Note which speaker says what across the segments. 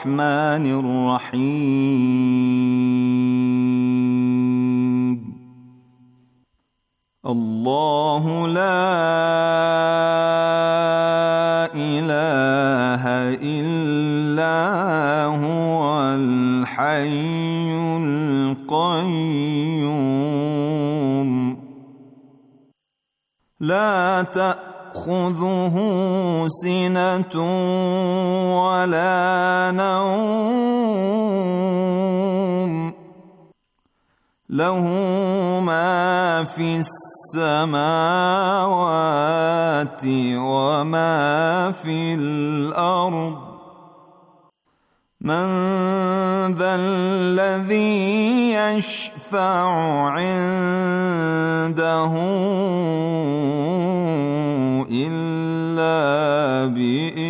Speaker 1: الرحمن الرحيم الله لا اله الا هو الحي القيوم لا تأخذه سنة ولا نوم له ما في السماوات وما في الارض من ذا الذي يشفع عنده الا باذنه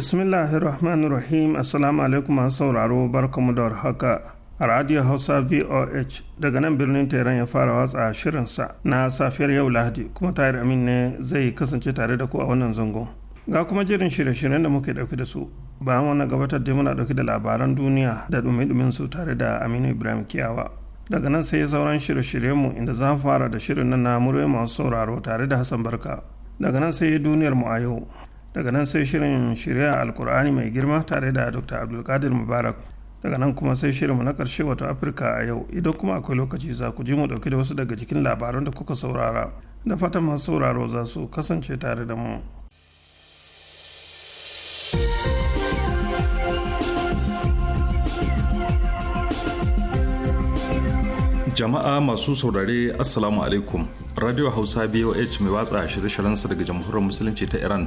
Speaker 2: Bismillahi bismillahirrahmanirrahim assalamu alaikum masu sauraro barkamu da haka a radio hausa voh daga nan birnin teran ya fara watsa shirinsa na safiyar yau lahadi kuma tayar amin ne zai kasance tare da ku a wannan zangon ga kuma jirin shirye-shiryen da muke dauke da su bayan wannan gabatar da muna dauke da labaran duniya da dumi su tare da aminu ibrahim kiyawa daga nan sai sauran shirye-shiryenmu inda za fara da shirin na namurai masu sauraro tare da hassan barka daga nan sai duniyar mu a yau daga nan sai shirin shirya alkur'ani mai girma tare da dr abdulkadir mubarak daga nan kuma sai shirin na karshe wato afirka a yau idan kuma akwai lokaci za ku ji mu dauke da wasu daga cikin labaran da kuka saurara da fatan masu sauraro za su kasance tare da mu
Speaker 3: jama'a masu saurare assalamu alaikum radio hausa boh mai watsa shirye-shiryensa daga jamhuriyar musulunci ta iran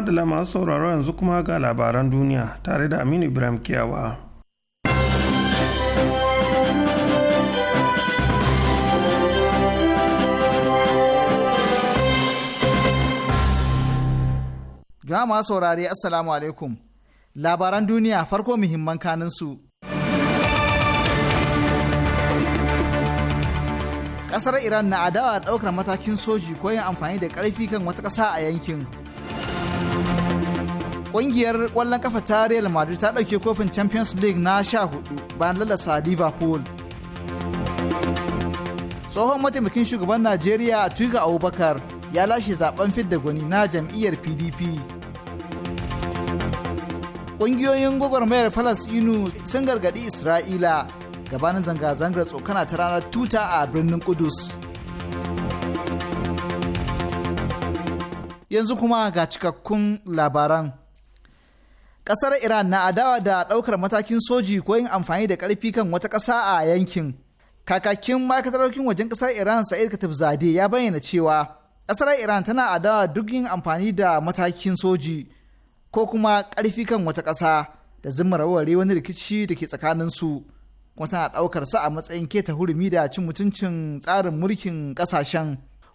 Speaker 2: madala masu sauraro yanzu kuma ga labaran duniya tare da aminu ibrahim kiyawa
Speaker 4: masu saurare assalamu alaikum labaran duniya farko muhimman kaninsu kasar iran na adawa da daukar matakin soji ko yin amfani da karfi kan wata ƙasa a yankin Kungiyar kwallon kafa ta Real Madrid ta ɗauke kofin Champions League na sha hudu bayan lalasa Liverpool. Tsohon mataimakin shugaban Najeriya Tuga Abubakar ya lashe zaben fidda gwani na jam'iyyar PDP. Ƙungiyoyin gwagwarmayar Falasɗinu sun gargaɗi Isra'ila gabanin zanga-zangar tsokana ta ranar tuta a birnin Kudus. yanzu kuma ga cikakkun labaran kasar iran na adawa da daukar matakin soji ko yin amfani da karfi kan wata kasa a yankin kakakin ma'aikatarokin wajen kasar iran sa'id katib zade ya bayyana cewa kasar iran tana adawa duk yin amfani da matakin soji ko kuma karfi kan wata kasa da zimmar wani rikici da ke tsakaninsu kuma tana daukar sa a matsayin keta hurumi da cin mutuncin tsarin mulkin kasashen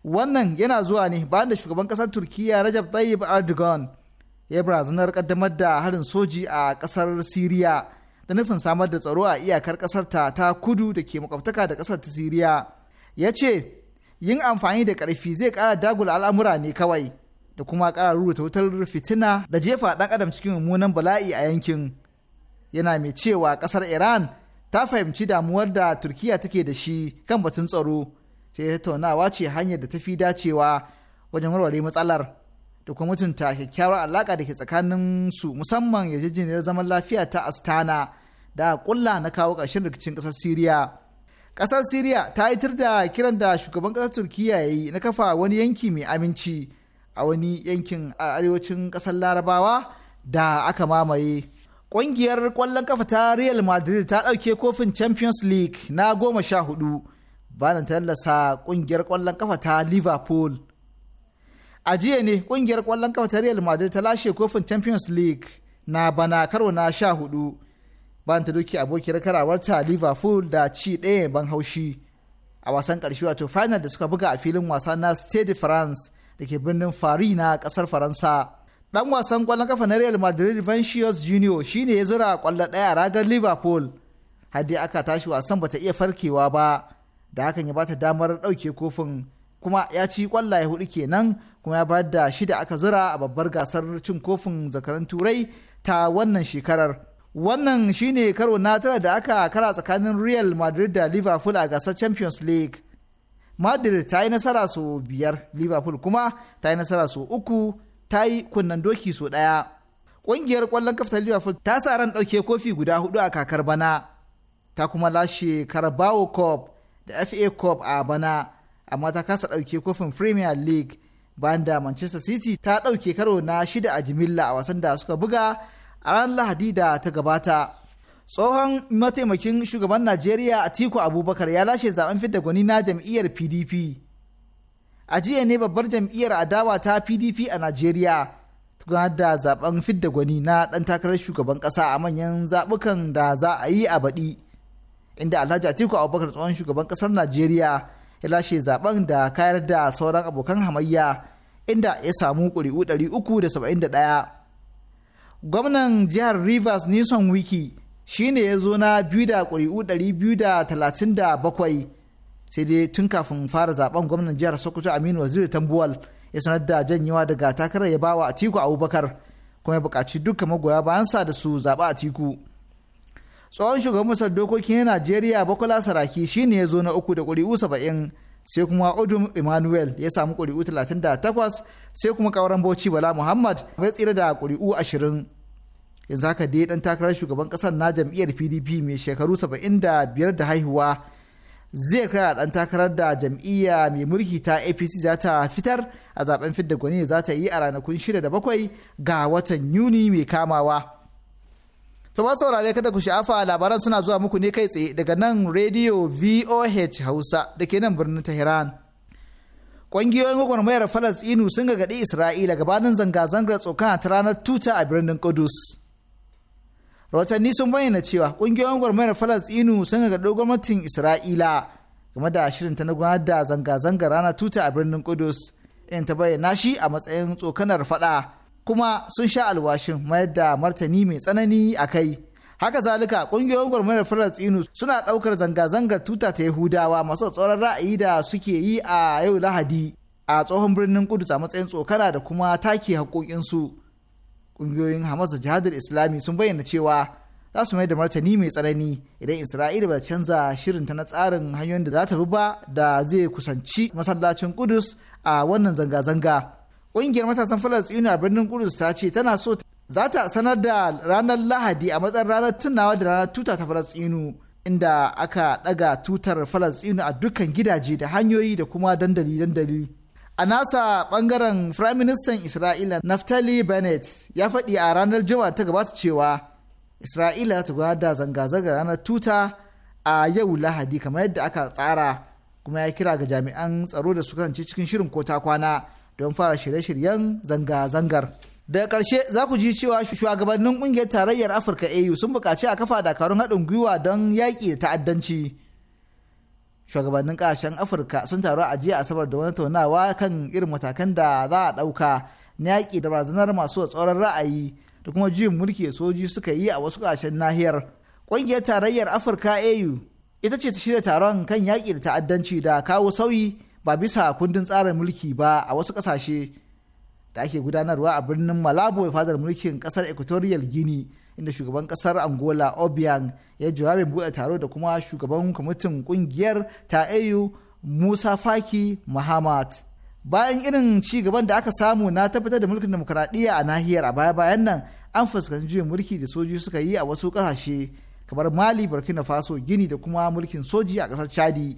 Speaker 4: wannan yana zuwa ne bayan da shugaban kasar Turkiyya rajab tayyip erdogan ya barazanar kaddamar da harin soji a kasar siriya da nufin samar da tsaro a iyakar kasar ta ta kudu da ke makwabtaka da kasar ta siriya ya ce yin amfani da karfi zai kara dagula al'amura ne kawai da kuma kara rubuta wutar fitina da jefa dan adam cikin mummunan bala'i a yankin yana mai cewa kasar iran ta fahimci damuwar da turkiya take da shi kan batun tsaro sai tattaunawa ce hanyar da ta fi dacewa wajen warware matsalar da kuma mutunta kyakkyawar alaƙa da ke tsakanin su musamman yarjejeniyar zaman lafiya ta astana da kulla na kawo ƙarshen rikicin ƙasar siriya ƙasar siriya ta yi yitar da kiran da shugaban ƙasar turkiya ya yi na kafa wani yanki mai aminci a wani yankin a arewacin ƙasar larabawa da aka mamaye ƙungiyar ƙwallon kafa ta real madrid ta ɗauke kofin champions league na goma sha hudu bayan tallasa ƙungiyar ƙwallon kafa ta liverpool a jiya ne kungiyar kwallon kafa ta Real Madrid ta lashe kofin Champions League na bana karo na sha hudu bayan ta doki abokiyar karawarta Liverpool da ci ɗaya ban haushi a wasan ƙarshe wato final da suka buga a filin wasa na Stade de France da ke birnin Paris na ƙasar Faransa. Dan wasan kwallon kafa na Real Madrid Vinicius Junior shine ya zura kwallo ɗaya a ragar Liverpool. Hadi aka tashi wasan bata iya farkewa ba da hakan ya bata damar ɗauke kofin kuma ya ci kwallaye hudu kenan kuma ya bayar da shida aka zura a babbar gasar cin kofin zakaran turai ta wannan shekarar wannan shine karo na tara da aka kara tsakanin real madrid da liverpool a gasar champions league madrid ta yi nasara sau biyar liverpool kuma ta yi nasara su uku ta yi kunnen doki sau ɗaya ƙungiyar kwallon kafta liverpool ta sa ran ɗauke kofi guda hudu a kakar bana ta kuma lashe carabao cup da fa cup a bana amma ta kasa ɗauke kofin premier league bayan da manchester city ta ɗauke karo na shida a jimilla a wasan da suka buga a ranar lahadi da ta gabata tsohon mataimakin shugaban najeriya atiku abubakar ya lashe zaben fidda gwani na jam'iyyar pdp a jiya ne babbar jam'iyyar adawa ta pdp a najeriya gudanar da zaben fidda gwani na ɗan takarar shugaban ƙasa a manyan zaɓukan da za a yi a baɗi inda alhaji atiku abubakar tsohon shugaban ƙasar najeriya ya lashe zaben da kayar da sauran abokan hamayya inda ya samu ƙuri'u 371 gwamnan jihar rivers nisan wiki shine ya zo na biyu da ƙuri'u 237 sai dai tun kafin fara zaben gwamnan jihar sokoto aminu waziri tambuwal ya sanar da janyewa daga takarar ya bawa atiku abubakar kuma ya buƙaci duka magoya bayansa da su zaɓa atiku tsohon shugaban masar dokokin najeriya bakwala saraki shine ya zo na uku da ƙuri'u saba'in sai kuma odum emmanuel ya samu ƙuri'u talatin da takwas sai kuma ƙauren bauchi bala muhammad mai tsira da ƙuri'u ashirin yanzu haka dai ɗan takarar shugaban ƙasar na jam'iyyar pdp mai shekaru saba'in da biyar da haihuwa zai kai a ɗan takarar da jam'iyya mai mulki ta apc za ta fitar a zaben fidda gwani za ta yi a ranakun shida da bakwai ga watan yuni mai kamawa To ba saurare kada ku sha'afa labaran suna zuwa muku ne kai tsaye daga nan rediyo VOH Hausa da ke nan birnin Tehran. Ƙungiyoyin gwagwarmayar Falasɗinu sun gagaɗi Isra'ila gabanin zanga-zangar tsokana ta ranar tuta a birnin Kudus. Rahotanni sun bayyana cewa ƙungiyoyin gwagwarmayar Falasɗinu sun gagaɗi gwamnatin Isra'ila game da shirin ta na gudanar da zanga-zangar ranar tuta a birnin Kudus. In ta bayyana shi a matsayin tsokanar faɗa kuma sun sha alwashin mayar da martani mai tsanani a kai haka zalika ƙungiyoyin gwamnati falastinu suna ɗaukar zanga-zangar tuta ta yahudawa masu tsoron ra'ayi da suke yi a yau lahadi a tsohon birnin kudus a matsayin tsokana da kuma take haƙoƙinsu ƙungiyoyin hamas da jihadar islami sun bayyana cewa za su mai da martani mai tsanani idan isra'ila ba canza shirinta na tsarin hanyoyin da za ta bi ba da zai kusanci masallacin kudus a wannan zanga-zanga ƙungiyar matasan falastinu a birnin kudus ta ce tana so za ta sanar da ranar lahadi a matsayin ranar tunawa da ranar tuta ta falastinu inda aka ɗaga tutar falastinu a dukkan gidaje da hanyoyi da kuma dandali-dandali a nasa ɓangaren firaministan isra'ila naftali bennett ya faɗi a ranar Juma ta gabata cewa isra'ila ta gudanar da zanga-zanga ranar tuta a yau lahadi kamar yadda aka tsara kuma ya kira ga jami'an tsaro da su kasance cikin shirin ko ta kwana don fara shirye-shiryen zanga-zangar. Daga ƙarshe za ku ji cewa shugabannin ƙungiyar tarayyar Afirka AU sun buƙaci a kafa dakarun haɗin gwiwa don yaƙi da ta'addanci. Shugabannin ƙasashen Afirka sun taru a jiya Asabar da wani taunawa kan irin matakan da za a ɗauka na yaƙi da barazanar masu tsoron ra'ayi da kuma juyin mulki soji suka yi a wasu ƙasashen nahiyar. Ƙungiyar tarayyar Afirka AU ita ce ta shirya taron kan yaƙi da ta'addanci da kawo sauyi ba bisa kundin tsarin mulki ba a wasu ƙasashe da ake gudanarwa a birnin malabo fadar mulkin ƙasar equatorial gini inda shugaban ƙasar angola obiang ya jawabin buɗe taro da kuma shugaban kwamitin ƙungiyar ta au musa faki muhammad bayan irin ci gaban da aka samu na tabbatar da mulkin demokuraɗiyya a nahiyar a baya-bayan nan an fuskanci juyin mulki da soji suka yi a wasu kasashe kamar mali burkina faso gini da kuma mulkin soji a ƙasar chadi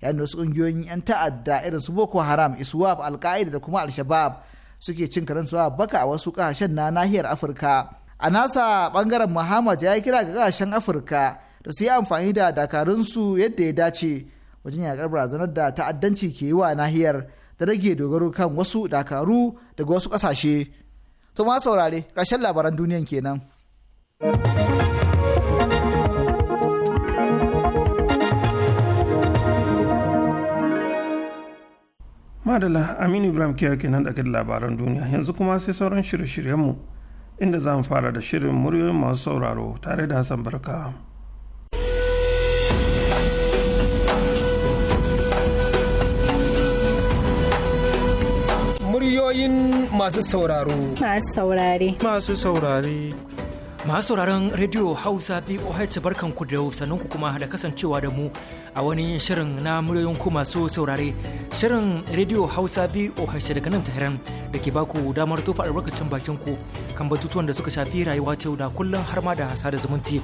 Speaker 4: yayin da wasu ƙungiyoyin 'yan ta'adda irin su boko haram iswaf alka'ida da kuma al-shabab suke cin a baka a wasu ƙasashen na nahiyar afirka a nasa ɓangaren muhammad ya kira ga ƙasashen afirka da su yi amfani da dakarunsu yadda ya dace wajen yaƙar barazanar da ta'addanci ke yi wa nahiyar da rage dogaro kan wasu dakaru daga wasu ƙasashe. To ma saurare, ƙarshen labaran duniyan kenan.
Speaker 2: madala aminu ibrahim kiya kenan daga labaran duniya yanzu kuma sai sauran shirye-shiryenmu inda za mu fara da shirin muryoyin masu sauraro tare da hassan barka muryoyin masu
Speaker 1: sauraro masu saurare masu saurare
Speaker 5: Masu sauraron Radio Hausa BOH barkanku da ku kuma da kasancewa da mu a wani shirin na muryoyin ku masu saurare. Shirin rediyo Hausa BOH daga nan Tahiran da ke baku damar tofa albarkacin bakin ku kan batutuwan da suka shafi rayuwa ta da kullum har ma da sada zumunci.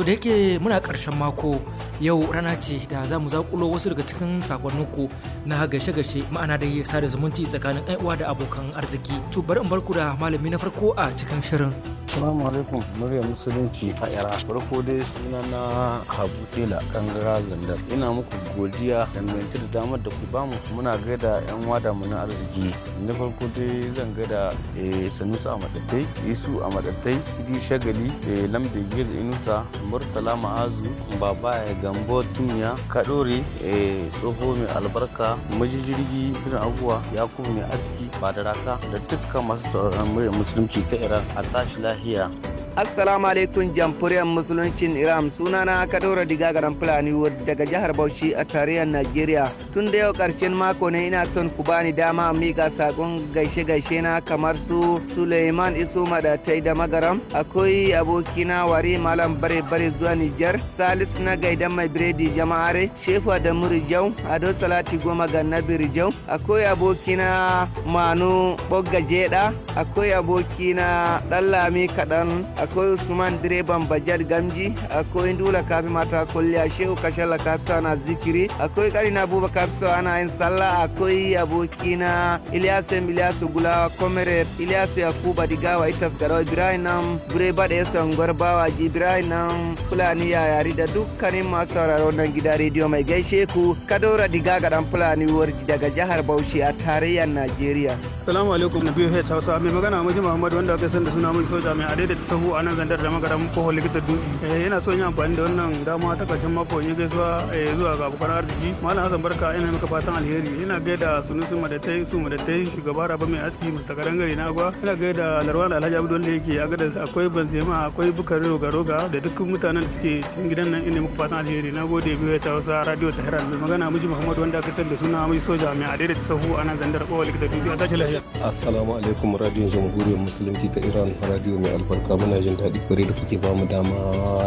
Speaker 5: to da yake muna karshen mako yau rana ce da za mu zaƙulo wasu daga cikin sakonninku na gashe-gashe ma'ana da yi sada zumunci tsakanin uwa da abokan arziki to bari in barku da malami na farko a cikin shirin
Speaker 6: Salamu alaikum murya musulunci a yara. farko dai suna na Habu Tela Kangara Zandar ina muku godiya dangance da damar da ku bamu muna gaida yan wada mu na arziki na farko dai zan gaida eh, sanusa a Isu a Idi Shagali eh, Lambe Gil Inusa murtala ma'azu baba ya gambo tumiya kadori eh, tsoho mai albarka majijirgi abuwa ya yakubu mai aski badaraka da dukkan masu sauraron musulunci ta iran a tashi lahiya
Speaker 7: Assalamu alaikum jamfuriyar musuluncin Iran sunana daura Diga garan Fulani daga jihar Bauchi a tarayyar Najeriya. Tun da yau karshen mako ne ina son ku bani dama miƙa sakon gaishe-gaishe na kamar su Suleiman Isu Madatai da Magaram, akwai abokina Wari Malam Bare Bare zuwa Nijar, Salisu na gaidan mai biredi jama'are, Shefa da Murijau, Ado Salati Goma ga Nabirijau, akwai abokina Manu Bogga Jeda, akwai abokina Dallami Kaɗan akwai usman direban bajad gamji akwai dula kafi mata kulliya shehu kashalla kafi ana zikiri akwai karina abuba kafi ana yin sallah akwai abokina ilyasu ilyasu gulawa komere ilyasu yakuba digawa ita garo ibrahim nan bureba da yasan bawaji ibrahim fulani yayari da dukkanin masara ronda nan gida radio mai gaishe ku kadora diga dan fulani worji daga jahar bauchi a tarayyar nigeria
Speaker 2: Assalamu alaikum na biyu Hausa mai magana Maji muhammadu wanda aka san da suna mai soja mai adai da sahu a nan zandar da magaram kohon likitar dutse. Yana eh, son yi amfani da wannan dama ta karshen mako yi gaisuwa eh, zuwa ga abokan arziki. Malam hasan Barka ina maka fatan alheri. Ina gaida su Madatai su Madatai shugaba Raba mai aski Mr. Karangare na agwa. Ina gaida Larwan Alhaji abu wanda yake a gadas akwai Banzema akwai Bukari Roga Roga da dukkan mutanen da suke cikin gidan nan ina maka fatan alheri. Na gode biyu Hausa Radio Tehran mai magana Maji muhammadu wanda aka san da suna mai soja mai adai da sahu a nan zandar kohon likitar dutse a tashi lafiya.
Speaker 8: Assalamu alaikum radiyon jamhuriyar musulunci ta Iran radiyo mai albarka muna jin daɗi kwarai da kuke mu dama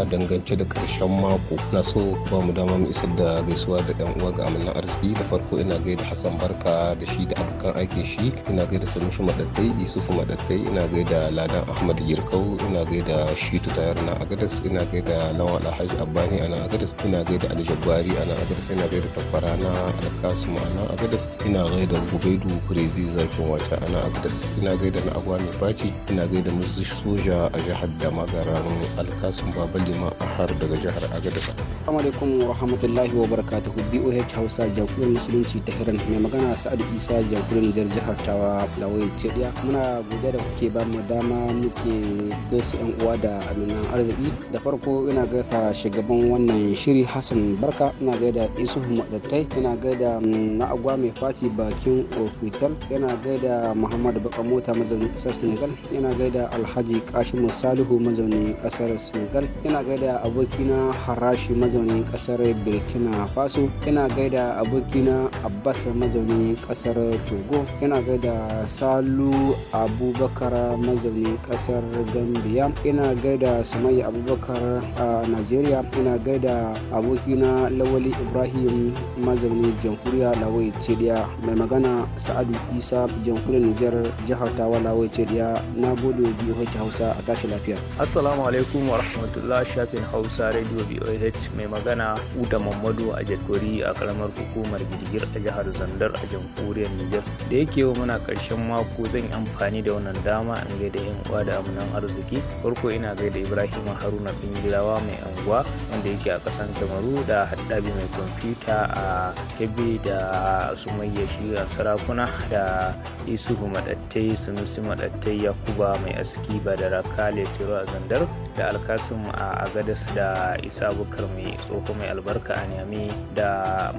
Speaker 8: dangance da ƙarshen mako. Na so ba mu dama mu isar da gaisuwa da ɗan uwa ga amina arziki da farko ina gaida Hassan Barka da shi da abokan aikin shi ina gaida Sanusi Madattai Isufu Madattai ina gaida Ladan Ahmad Yirkau ina gaida Shitu Tayar na Agadas ina gaida Lawal Alhaji Abbani ana Agadas ina gaida Aljabari ana Agadas ina gaida Tabbara na Alkasu ma'ana Agadas ina gaida gubaidu Kurezi Zakin wata ana abdas ina gaida na agwa mai baki ina gaida musu soja a jihar magaran alkasun baba liman ahar daga jihar agadasa
Speaker 9: assalamu alaikum wa rahmatullahi wa barakatuhu boh hausa jagoran musulunci ta hiran mai magana sa'adu isa jagoran nijar jihar tawa lawai cediya muna godiya da kuke ba mu dama muke gaisa yan uwa da aminan arziki da farko ina gaisa shugaban wannan shiri hassan barka ina gaida isuhu madattai ina gaida mm, na agwa mai faci bakin ofital yana gaida gaida muhammadu baka mota mazaunin kasar senegal yana gaida alhaji kashimu salihu mazaunin kasar senegal yana gaida abokina harashi mazaunin kasar burkina faso yana gaida abokina abbas mazaunin kasar togo yana gaida salu abubakar mazaunin kasar gambia yana gaida sumayya abubakar a nigeria yana gaida abokina lawali ibrahim mazaunin jamhuriya lawai chadia mai magana sa'adu isa jamhuriyar Nijar jihar Tawala wace diya na gode wa Hausa a tashi lafiya.
Speaker 10: Assalamu alaikum wa rahmatullah shafin Hausa Radio BOH mai magana Uda Mamadu a Jakori a karamar hukumar Girgir a jihar Zandar a jamhuriyar Nijar. Da yake yau muna karshen mako zan yi amfani da wannan dama in gaida yan uwa da amunan arziki. Farko ina gaida Ibrahim Haruna Bingilawa mai anguwa wanda yake a kasan Kamaru da Haddabi mai kwamfuta a Kebbi da Sumayya shi a sarakuna da isuhu maɗattai sunusi maɗattai yakuba mai aski ba da raka letiro a zandar da alkasim a agadas da isa bukar mai tsoho mai albarka a nyami da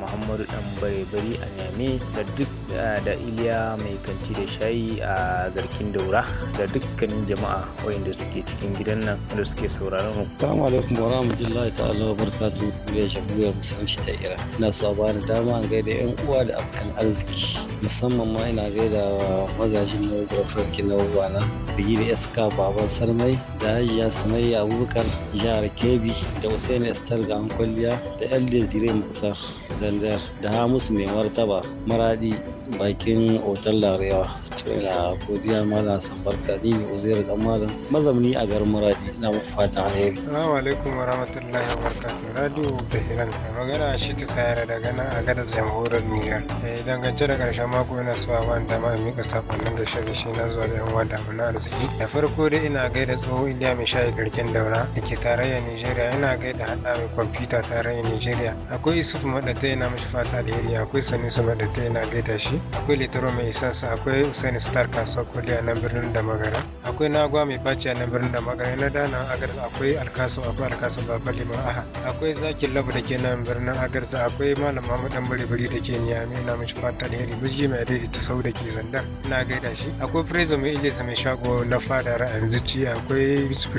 Speaker 10: muhammadu dan bare a nyami da duk eh, da iliya mai kanci da shayi a garkin daura da dukkanin jama'a wayanda suke cikin gidan nan da suke sauraron mu salamu alaikum wa rahmatullahi ta'ala wa barakatuhu ya jamhuriyar shi ta ira ina so ba ni dama a gaida yan uwa da abokan arziki musamman ma ina gaida wa mazajin na gurfarki na uwana da gida iska baban salmai da hajiya sanai tarayya abubakar jihar kebbi da usaini estar ga kwalliya da el desire mutar zandar da Hamisu mai martaba maradi bakin otal larewa ina godiya malam sambarka ni ne uzair dan mazamni a garin maradi ina muku fata alheri
Speaker 8: assalamu alaikum wa rahmatullahi wa barakatuh radio tehran magana shi ta tayar daga nan a gadar jamhuriyar niger eh dangance da karshen mako ina so a ban da ma mika sakonnin da shirye shi na zuwa da yan wada arziki da farko dai ina gaida tsoho iliya mai shayi garki aikin daura da ke tarayyar nigeria yana gaida hada mai kwamfuta tarayyar nigeria akwai isuf maɗata yana mashi fata iri akwai sanusi maɗata yana gaida shi akwai litoro mai isansa akwai usaini star kasuwa koli a nan birnin da magara akwai nagwa mai baci a nan birnin da magara na dana agarza akwai alkasu akwai alkasu baba liman aha akwai zakin labu da ke nan birnin agarza akwai malam mamudan bari-bari da ke niyami yana mashi fata iri miji mai daidaita sau da ke zandar na gaida shi akwai prezo mai ilisa mai shago na fada ra'ayin zuciya akwai vice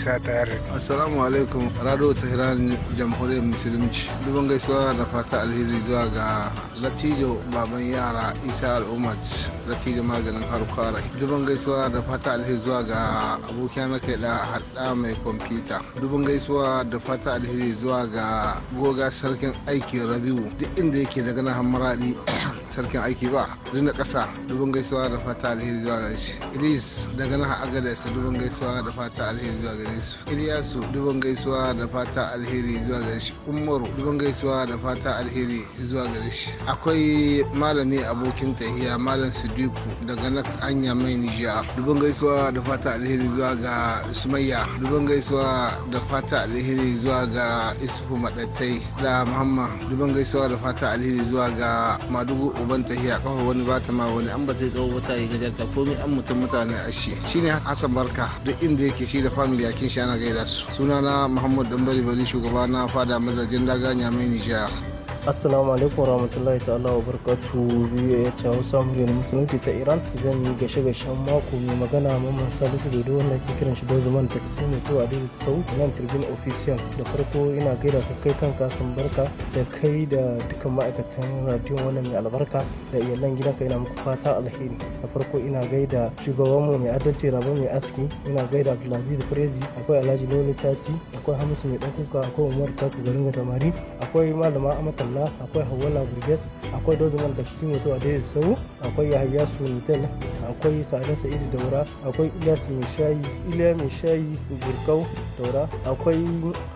Speaker 8: isa
Speaker 11: assalamu alaikum rado tehran jamhuriyar musulunci duban gaisuwa da fata alheri zuwa ga latijo baban yara isa al'ummat latijo maganin harkwara duban gaisuwa da fata alheri zuwa ga abokiya na kai da hada mai kwamfuta duban gaisuwa da fata alheri zuwa ga goga sarkin aikin rabiu duk inda yake daga na hamaradi sarkin aiki ba duk na ƙasa dubin gaisuwa da fata alheri zuwa gare shi ilis daga nan agadez dubin gaisuwa da fata alheri zuwa gare su iliyasu dubin gaisuwa da fata alheri zuwa gare shi umaru dubin gaisuwa da fata alheri zuwa gare shi akwai malami abokin tahiya malam sidiku daga nan anya mai nijiya dubin gaisuwa da fata alheri zuwa ga sumayya dubin gaisuwa da fata alheri zuwa ga isufu madattai da muhammad dubin gaisuwa da fata alheri zuwa ga madugu uban tahiya kafa wani ba ta ma wani an ba zai tsawo wata gajar gajarta komai an mutum mutane a shi shine Hassan Barka duk inda yake shi da family yakin shi ana gaida su sunana Muhammad Dambari bali shugaba na fada mazajen daga Nyamai Nijar
Speaker 6: assalamu alaikum warahmatullahi ta'ala wa barkatu biyu ya ce hausa muryar musulunci ta iran zan yi gashe gashen mako mai magana mamman salisu dodo da ke kiran shi don zaman taksi mai tuwa da sau nan turbin official da farko ina gaida ka kai kanka sun barka da kai da dukkan ma'aikatan radiyo wannan mai albarka da iyalan gidanka ina muku fata alheri da farko ina gaida shugaban mu mai adalci rabon mai aski ina gaida abdulaziz firezi akwai alhaji lolita ci akwai hamisu mai ɗan kuka akwai umar taku garin tamari akwai malama amata kalla akwai hawala brigade akwai dozuman da kisi mutuwa a daidai sau akwai yahaya sunitel akwai sada sa'idu daura akwai ilyas mai shayi iliya mai shayi burkau daura akwai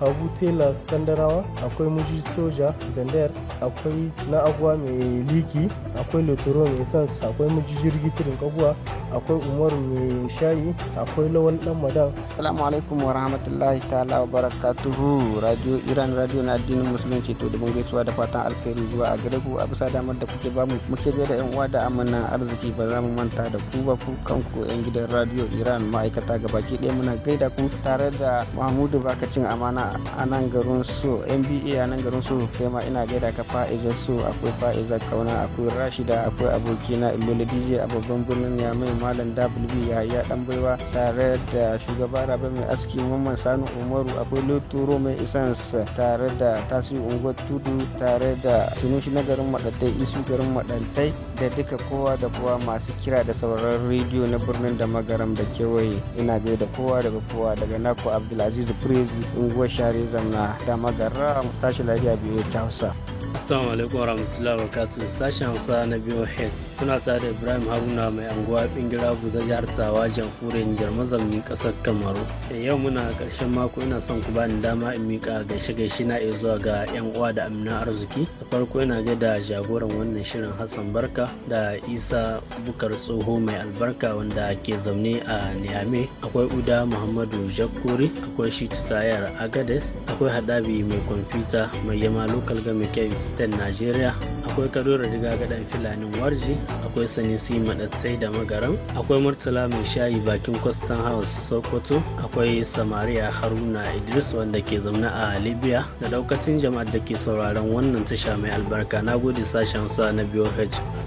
Speaker 6: habu tela kandarawa akwai muji soja zandar akwai na agwa mai
Speaker 8: liki akwai lotoro mai sans akwai muji jirgi turin kabuwa akwai umaru mai shayi akwai lawan dan madan
Speaker 10: assalamu alaikum wa rahmatullahi ta'ala wa barakatuhu radio iran radio na addinin musulunci to da gaisuwa da fatan alkhairi zuwa a gare ku a bisa damar da kuke bamu muke bai da yan uwa da amana arziki ba za mu manta da ku ba ku kanku yan gidan radio iran ma'aikata gabaki ɗaya muna gaida ku tare da mahmudu bakacin amana a nan garin so nba a nan garin so kai ma ina gaida ka fa'iza so akwai fa'iza kauna akwai rashida akwai abokina ilola dj a babban birnin ya mai malam w ya ya dan baiwa tare da shugaba rabe mai aski mamman sanu umaru akwai lotoro mai isans tare da tasiri unguwar tudu tare da sunushi na garin madadai isu garin madantai da duka kowa da kowa masu kira da sauraron rediyo na birnin da magaram da kewaye ina gai da kowa daga kowa daga naku abdulaziz prezi unguwar share zamna da magaram tashi lafiya biyu ta hausa Assalamu alaikum wa wabarakatuh sashen Hausa na biyu Head kuna tare da Ibrahim Haruna mai anguwa bingira guza jihar Tawa jamhuriyar jar mazaunin kasar Kamaru. Yau muna karshen mako ina son ku bani dama in mika gaishe gaishe na iya zuwa ga yan uwa da amina arziki da farko yana gaida jagoran wannan shirin hassan barka da isa bukar tsoho mai albarka wanda ke zaune a ni'ame. akwai uda muhammadu jakori akwai shi tayar agades akwai hadabi mai kwamfuta mai yama lokal game case ten nigeria akwai kadura riga gadan filanin warji akwai sanisi madattai da magaran akwai murtala mai shayi bakin kwastan house sokoto akwai samaria haruna idris wanda ke zaune a libya da daukacin jama'ar da ke sauraron wannan tasha mai albarka na gode sashen sa na BOH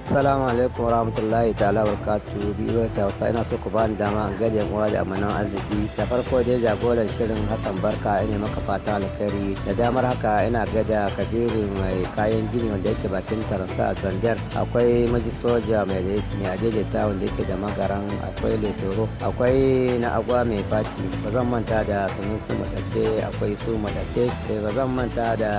Speaker 10: Assalamu alaikum rahmatullahi ta'ala barkatu biyu ta hausa ina so ku bani dama an yan uwa da amanan arziki da farko dai jagoran shirin Hassan Barka ina maka fata alkhairi da damar haka ina gada Kabiru mai kayan gini wanda yake bakin taransa a Zandar akwai maji soja mai mai ta wanda yake da magaran akwai Letoro akwai na agwa mai faci ba zan manta da su Madatte akwai su Madatte eh, ba zan manta da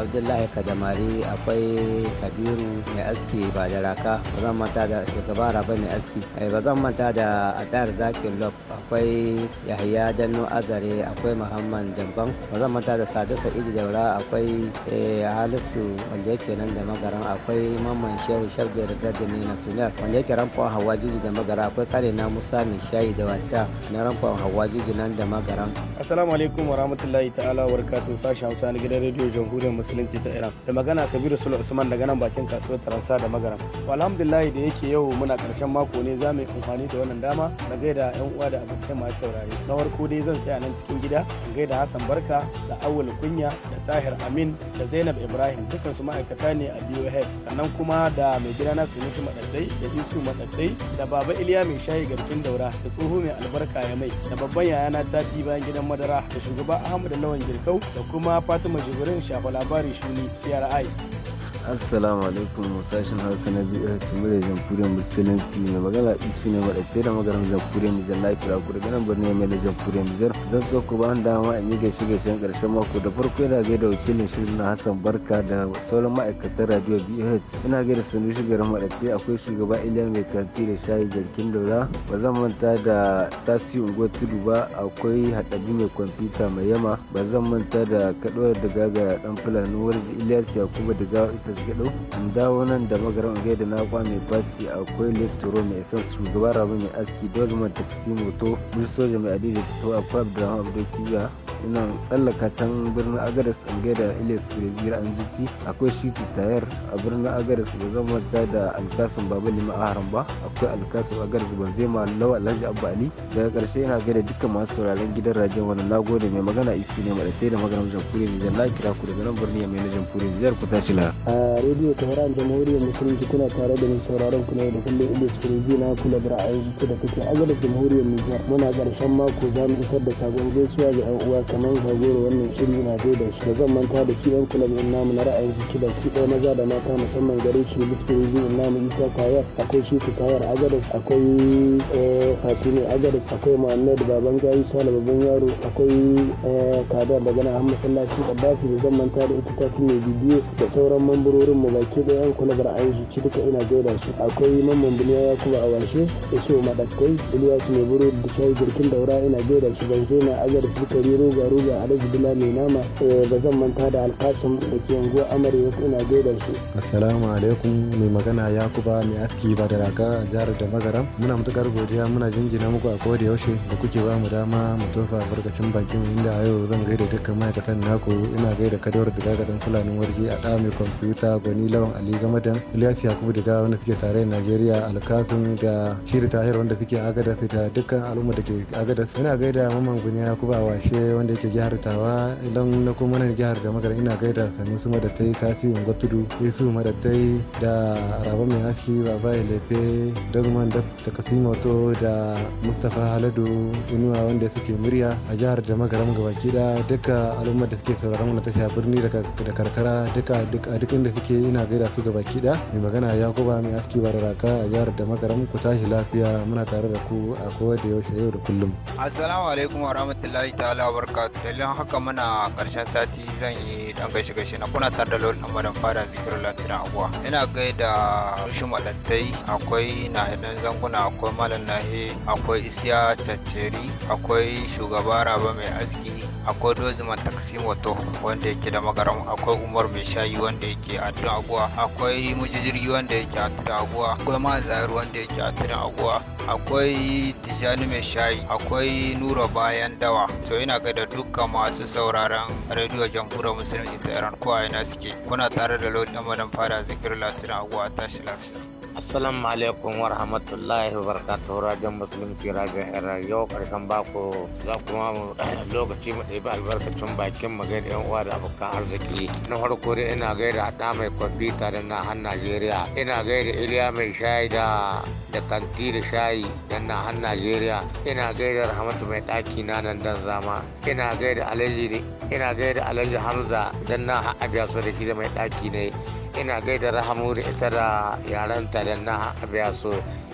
Speaker 10: Abdullahi Kadamari akwai Kabiru mai aski ba da raka ba zan manta da shugaba rabe mai aski eh, ba zan manta da adar zakin lob akwai yahaya danno azare akwai muhammad damban ba zan manta da sadu sa'idu daura akwai eh, halisu wanda yake nan da magaran akwai mamman shehu shabda da ne na sunar wanda yake ramfon hawa jiji da magara akwai kare na musa mai shayi da wata na ramfon hawa jiji nan da magaran
Speaker 6: assalamu alaikum wa rahmatullahi ta'ala wa barakatuh sashen hausa na gidan rediyo jamhuriyar musulunci ta iran da magana kabiru sulu usman daga nan bakin kasuwar taransa da magaran Magaram. Alhamdulillah da yake yau muna karshen mako ne za mu yi amfani da wannan dama na gaida yan uwa da abokai masu saurare. Na farko dai zan tsaya nan cikin gida in gaida Hassan Barka da Awul Kunya da Tahir Amin da Zainab Ibrahim su ma'aikata ne a BOS sannan kuma da mai gida na Sunusi Madaddai da Isu Madaddai da Baba Iliya mai shayi garkin daura da tsoho mai albarka ya mai da babban yaya na tafi bayan gidan madara da shugaba Ahmadu Lawan Girkau da kuma Fatima Jibrin shafa labarin shuni CRI assalamu alaikum sashen hausa na cikin da jamhuriyar musulunci mai magana isu ne maɗaɗe da magaran jamhuriyar nijar na kira ku daga nan birnin mai da jamhuriyar nijar zan so ku ba dama in yi gaishe gashen karshen mako da farko yana da wakilin shirin na hassan barka da sauran ma'aikatan radio bh ina gaida sanu shugaban maɗaɗe akwai shugaba iliya mai kanti da shayi garkin daura ba zan manta da tasi unguwar tudu ba akwai haɗabi mai kwamfuta mai yama ba zan manta da kaɗuwar da gaga ɗan fulani warji ilyas yakuba da gawa ita Idris Gado in dawo nan da magaran ga da nakwa mai bacci akwai lecturer mai san shugaban rabu mai aski dozman taxi moto bir soja mai adida da akwai abdulrahman abdulkiya ina tsallaka can birnin agadas an ga da ilis brazil an jiti akwai shiti tayar a birnin agadas ba zan manta da alkasin baba lima a haram ba akwai alkasin agadas ban zai ma lawa alhaji abu ali daga karshe ina da dukkan masu sauraron gidan rajin wani nagode mai magana isu ne maɗatai da maganar jamhuriyar nijar na kira ku daga nan birni mai na jamhuriyar nijar ku tashi la. a rediyo tehran jamhuriyar musulunci kuna tare da mai sauraron ku da kullum ilis firizi na kula da ra'ayin ku da kake agadar jamhuriyar nijar muna karshen mako za mu isar da sabon gaisuwa ga yan uwa kamar gagoro wannan shiri na da shi da zan manta da ki yan kula da namu na ra'ayin jiki da ki ɗaya maza da mata musamman garin shi ilis firizi namu isa tayar akwai shi eh, tayar agadas akwai fatimi agadas akwai muhammed baban gayi sala babban yaro akwai eh, kada daga na masallaci da bafi da zan manta da ita ta mai bidiyo da sauran mambar jagororin mu baki da yan kulabar an shi duka ina gaida su akwai mamman biliya ya kuma a washe so madakai su mai buru da shayi girkin daura ina gaida su ban zai na su sukari roga roga a daji bila mai nama eh, ba zan manta da alkasim da ke yanzu ya ina gaida su.
Speaker 8: assalamu alaikum mai magana yakuba mai aski ba da raka jihar da magaram muna matukar godiya muna jinjina muku a koda yaushe da kuke ba mu dama mu tofa albarkacin bakin inda a yau zan gaida dukkan ma'aikatan naku ina gaida kadawar da gagadan fulanin warke a ɗa mai kwamfuta ta gwani lawan ali game da ilyas yakubu gawa wanda suke tare najeriya alkazum da shiri tahir wanda suke agadas da dukkan al'umma da ke agadas ina gaida mamman gwani yakubu a washe wanda yake jihar tawa idan na kuma nan jihar da magana ina gaida sanusi tasi tasirin tudu yesu madatai da raba mai haski baba lefe dazman da takasimoto da mustapha haladu inuwa wanda suke murya a jihar da magaram gabaki da duka al'umma da suke sauraron mu na tasha birni da karkara duka a duk inda kuke ina gaida su gaba kiɗa mai magana ya yakuba mai aski ba da raka a jihar da magaram ku tashi lafiya muna tare da ku a kowa da yaushe yau da kullum
Speaker 10: assalamu alaikum wa rahmatullahi ta'ala wa barakatuh haka muna karshen sati zan yi dan gaishe gaishe na kuna tare da lord amadan fara zikirin latiran abuwa ina gaida rushin malattai akwai idan zanguna akwai malam nahi akwai isiya cacceri akwai shugaba raba mai aski akwai doziman taksi moto wanda yake da magaram akwai umar mai shayi wanda yake a tudun aguwa akwai jirgi wanda yake a tudun aguwa akwai mazayar wanda yake a tudun aguwa akwai tijani mai shayi akwai nura bayan dawa to ina ga dukkan masu sauraron rediyo jamhuriyar musulunci ta iran kowa ina suke kuna tare da lord dan madan fara zikirin latin aguwa tashi lafiya
Speaker 12: Assalamu alaikum wa rahmatullahi wa barakatuhu radiyon musulunci radiyon era yau karshen bako za kuma ma lokaci mu ɗebi albarkacin bakin mu gaida yan uwa da abokan arziki na farko dai ina gaida haɗa mai kwamfuta da na han Najeriya ina gaida Iliya mai shayi da da kanti da shayi da na han Najeriya ina gaida Rahmatu mai ɗaki na nan dan zama ina gaida Alhaji ina gaida Alhaji Hamza dan na so da shi da mai ɗaki ne ina gaida rahamu da ita da yaranta da na biya so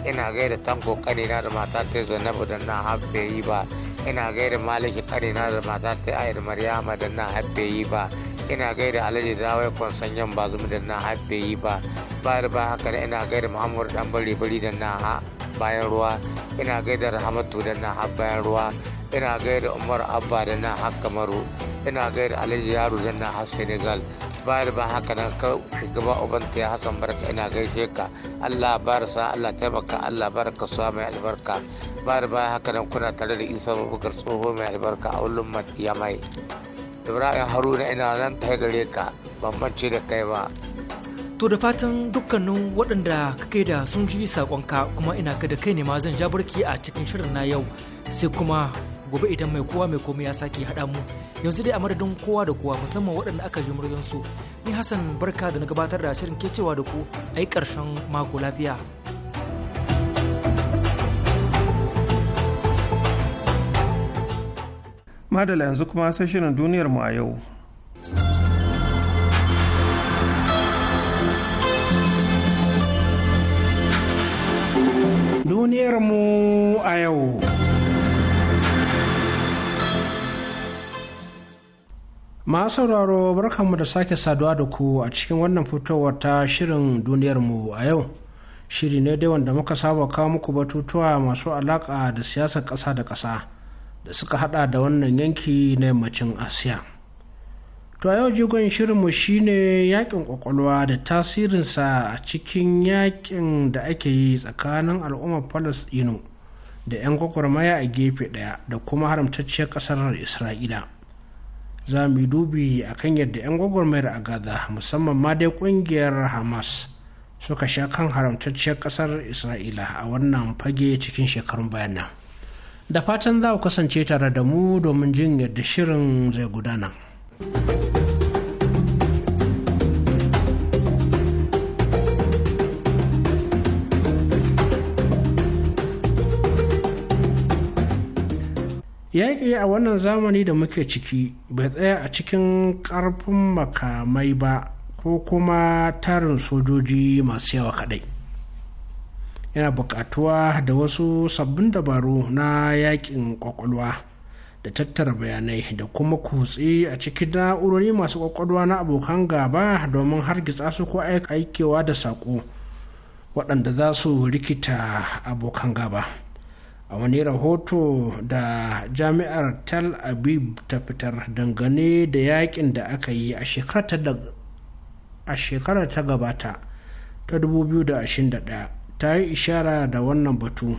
Speaker 12: ina gaida tanko na da mata ta zanabu da na habbe yi ba ina gaida maliki na da mata ta ayar maryama da na habbe yi ba ina gaida alhaji dawai kwansan yan bazum da na habbe yi ba bayar ba haka ina gaida muhammadu dan bari bari da na bayan ruwa ina gaida rahamatu da na bayan ruwa ina gaida umar abba da na kamaru ina gaida alaji yaro da na senegal da ba haka nan ka shugaba ubanta ya hasan barka ina gaishe ka allah barasa allah taimaka allah baraka suwa mai albarka da ba haka nan kuna tare da isa babakar tsoho mai albarka a wulin ya mai ibrahim haruna ina nan ta gare ka ban da kai ba
Speaker 5: To da fatan dukkanin waɗanda kai da sun ji saƙonka kuma ina ga da kai ne ma zan ja barki a cikin shirin na yau sai kuma gobe idan mai kowa mai komai ya sake haɗa mu yanzu dai a madadin kowa da kowa musamman waɗanda aka ji muryansu ni hassan barka da na gabatar da shirin cewa da ku a yi ƙarshen mako lafiya
Speaker 2: madala yanzu kuma sai shirin duniyar mu a yau
Speaker 13: duniyar mu a yau ma sauraro barkanmu da sake saduwa da ku a cikin wannan fitowar ta shirin duniyarmu a yau shiri ne dai wanda muka saba kawo muku batutuwa masu alaƙa da siyasar ƙasa da ƙasa da suka hada da wannan yanki na yammacin asiya to a yau jigon shirinmu shine yakin kwakwalwa da tasirinsa a cikin yakin da ake yi tsakanin al'ummar palestino da 'yan gwagwarmaya a gefe ɗaya da kuma haramtacciyar ƙasar isra'ila za mu yi dubi a kan yadda 'yan gwagwarmayar a gaza musamman ma dai kungiyar hamas suka sha kan haramtacciyar kasar isra'ila a wannan fage cikin shekarun bayan nan da fatan za ku kasance tare da mu domin jin yadda shirin zai gudana. yaƙi a wannan zamani da muke ciki bai tsaya a cikin ƙarfin makamai ba ko kuma tarin sojoji masu yawa kaɗai yana buƙatuwa da wasu sabbin dabaru na yaƙin ƙwaƙwalwa da tattara bayanai da kuma kutse a cikin na'urori masu ƙwaƙwalwa na abokan gaba domin hargitsa su ko aikewa da saƙo waɗanda za su rikita abokan gaba. a wani rahoto da jami'ar tel aviv ta fitar dangane da yakin da aka yi a shekara ta gabata ta 2021 ta yi ishara da wannan batu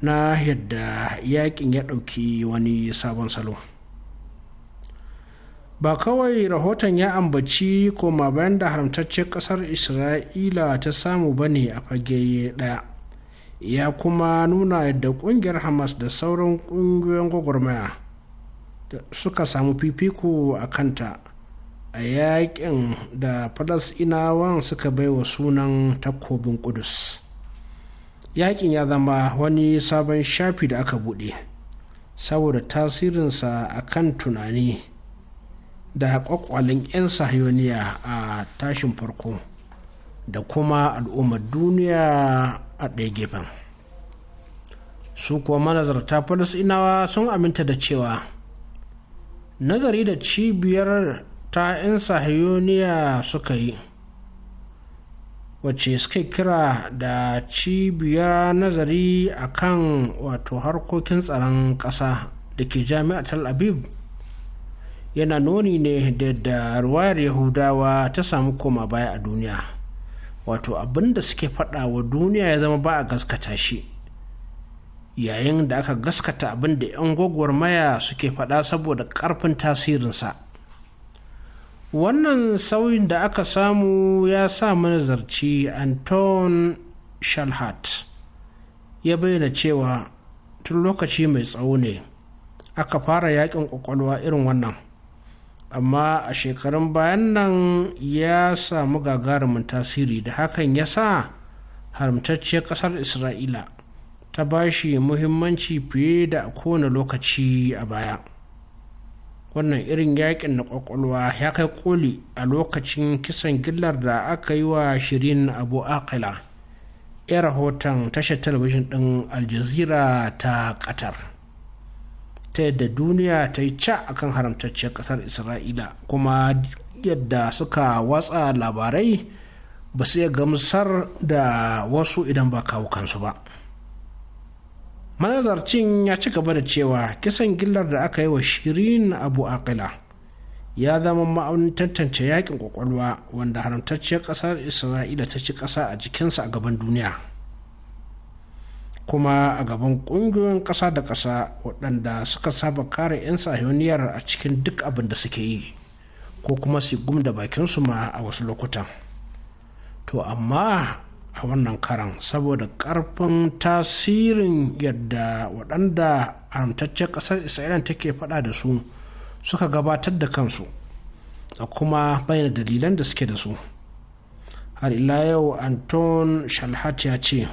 Speaker 13: na yadda yakin ya ɗauki wani sabon salo ba kawai rahoton ya ambaci koma bayan da haramtaccen ƙasar isra'ila ta samu bane a fage ɗaya ya kuma nuna yadda kungiyar hamas da sauran kungiyoyin gwagwarmaya suka samu fifiko a kanta a yakin da falasinawan suka bai wa sunan takobin kudus yakin ya zama wani sabon shafi da aka buɗe saboda tasirinsa a kan tunani da kwakwalin 'yan sahiyoniya a tashin farko da kuma al'ummar duniya a ɗaya gefen su kuwa manazarta inawa sun aminta da cewa nazari da cibiyar ta 'yan sahiyoniya suka yi wacce suka kira da cibiyar nazari a kan wato harkokin tsaron ƙasa da ke jami'a tel aviv yana noni ne da ruwayar yahudawa ta samu koma baya a duniya wato abin da suke faɗa wa duniya ya zama ba a gaskata shi yayin da aka gaskata abin da 'yan maya suke faɗa saboda ƙarfin tasirinsa wannan sauyin da aka samu ya sa manazarci anton shalhat ya bayyana cewa tun lokaci mai tsawo ne aka fara yakin kwakwalwa irin wannan amma a shekarun bayan nan ya samu gagarumin tasiri da hakan ya sa haramtacciyar ƙasar isra'ila ta ba shi muhimmanci fiye da kowane lokaci a baya wannan irin yakin na kwakwalwa ya kai koli a lokacin kisan gillar da aka yi wa shirin abu akila ya rahoton tashar talabijin ɗin aljazeera ta qatar ta yadda duniya ta yi ca akan haramtacciyar ƙasar isra'ila kuma yadda suka watsa labarai ba su gamsar da wasu idan ba kawo kansu ba manazarcin ya ci gaba da cewa kisan gillar da aka yi wa shirin abu aqila ya zama ma'aunin tantance yakin kwakwalwa wanda haramtacciyar ƙasar isra'ila ta ci ƙasa a jikinsa a gaban duniya kuma a gaban ƙungiyoyin ƙasa da ƙasa waɗanda suka saba kare 'yan sahiyoniyar a cikin duk abin da suke yi ko kuma su gum da bakinsu ma a wasu lokutan to amma a wannan karan saboda ƙarfin tasirin yadda waɗanda aramtaccen ƙasar isra'ila take faɗa da su suka gabatar da kansu a kuma bayyana dalilan da suke da su har ila yau anton shalhat ya ce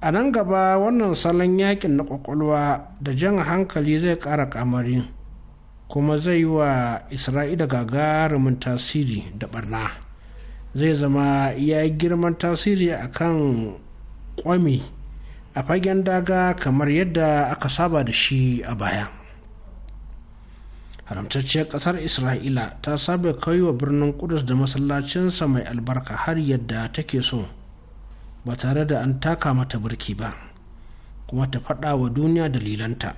Speaker 13: a nan gaba wannan salon yakin na kwakwalwa da jan hankali zai ƙara kamari kuma zai yi wa isra'ila gagarumin tasiri da barna zai zama ya yi girman tasiri a kan kwami a fagen daga kamar yadda aka saba da shi a baya haramtacciyar ƙasar isra'ila ta saba kai wa birnin kudus da masallacinsa mai albarka har yadda take so ba tare da an taka mata birki ba kuma ta faɗa wa duniya dalilanta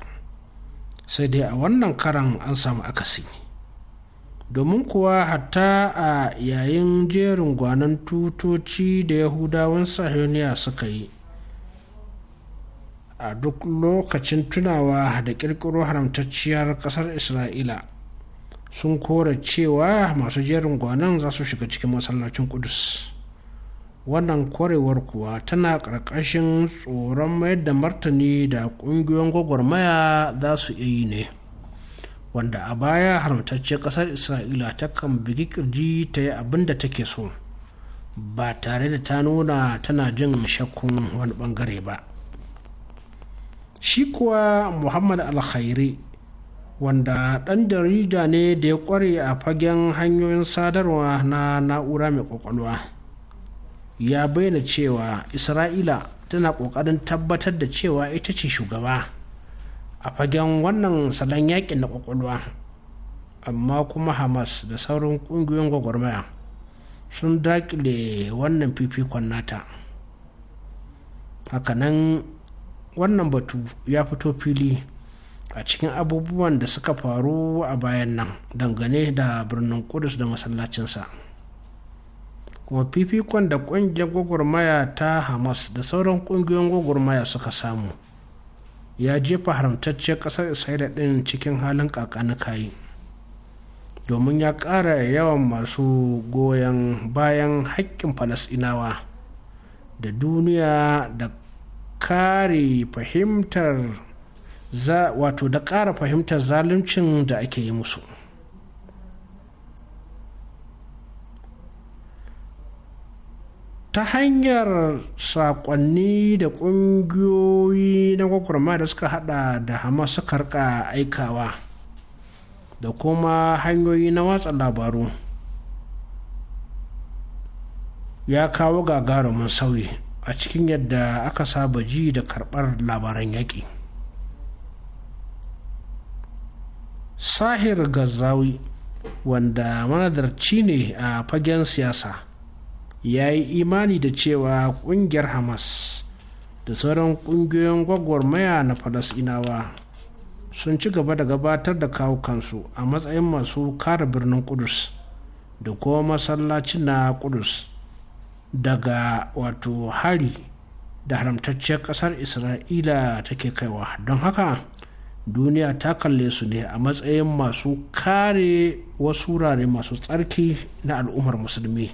Speaker 13: sai dai a wannan karan an samu akasi domin kuwa hatta a yayin jerin gwanan tutoci da yahudawan sahiyoniya suka yi a duk lokacin tunawa da ƙirƙiro haramtacciyar ƙasar isra'ila sun kora cewa masu jerin gwanan za su shiga cikin masallacin kudus wannan kwarewar kuwa tana ƙarƙashin tsoron mayar da martani da ƙungiyoyin gwagwarmaya za su iya yi ne wanda a baya haramtacce ƙasar isra'ila ta kan bigi kirji ta yi abin da take so ba tare da ta nuna tana jin shakkun wani bangare ba shi kuwa muhammad alkhairi wanda ɗan jarida ne da ya ƙware a fagen hanyoyin sadarwa na na'ura mai ƙwaƙwalwa ya bayyana cewa isra'ila tana ƙoƙarin tabbatar da cewa ita ce shugaba a fagen wannan salon yakin na ƙwaƙwalwa amma kuma hamas da sauran ƙungiyoyin gwagwarmaya sun daƙile wannan fifikon nata hakanan wannan batu ya fito fili a cikin abubuwan da suka faru a bayan nan dangane da birnin kudus da masallacinsa kuma fifikon da kungiyar gwagwarmaya ta hamas da sauran ƙungiyoyin gwagwarmaya suka samu ya jefa haramtacciyar ƙasar isra'ila ɗin cikin halin kayi domin ya ƙara yawan masu goyon bayan haƙƙin falasinawa da duniya da kare fahimtar wato da ƙara fahimtar zaluncin da ake yi musu ta hanyar sakonni da ƙungiyoyi na gwagwarma da suka hada da hamas suka karka aikawa da kuma hanyoyi na watsa labaru ya kawo gagarumin sauyi a cikin yadda aka saba ji da karɓar labaran yaƙi sahir gazawi wanda manadarci ne a fagen siyasa ya yi imani da cewa kungiyar hamas da sauran kungiyoyin gwagwarmaya na falasinawa sun ci gaba da gabatar da kawo kansu a matsayin masu kare birnin kudus da kuma masallaci na kudus daga wato hari da haramtacciyar kasar isra'ila take kaiwa don haka duniya ta kalle su ne a matsayin masu kare wasu wurare masu tsarki na al'ummar musulmi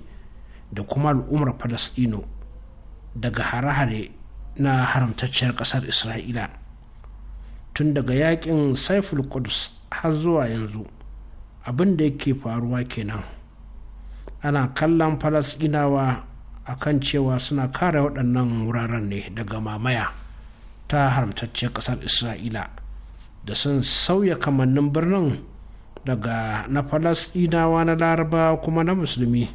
Speaker 13: da kuma al'ummar Falasɗinu daga hare-hare na haramtacciyar ƙasar isra'ila tun daga yakin saiful quds har zuwa yanzu abin da yake faruwa kenan ana kallon falasɗinawa a kan cewa suna kare waɗannan wuraren ne daga mamaya ta haramtacciyar ƙasar isra'ila da sun sauya kamannin birnin daga na falasɗinawa na laraba kuma na musulmi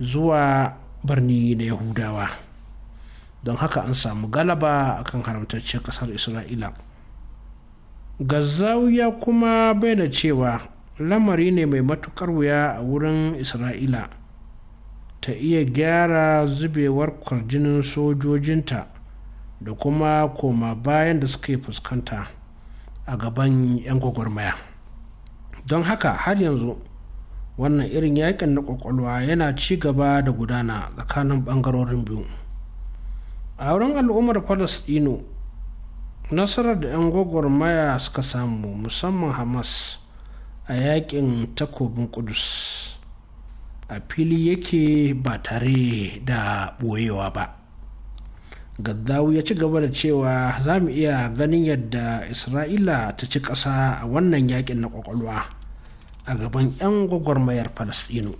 Speaker 13: zuwa birni na yahudawa don haka an samu galaba akan haramtacciyar ƙasar isra'ila gazawiya kuma bayyana cewa lamari ne mai matukar wuya a wurin isra'ila ta iya gyara zubewar kwarjinin sojojinta da kuma koma bayan da suke fuskanta a gaban 'yan gwagwarmaya don haka har yanzu wannan irin yakin na kwakwalwa yana ci gaba da gudana tsakanin bangarorin biyu a wurin al'ummar palestino nasarar da 'yan gwagwarmaya suka samu musamman hamas a yakin takobin kudus a fili yake ba tare da boyewa ba gaddawu ya ci gaba da cewa za mu iya ganin yadda isra'ila ta ci ƙasa a wannan yakin na kwakwalwa a gaban 'yan gwagwarmayar falastinu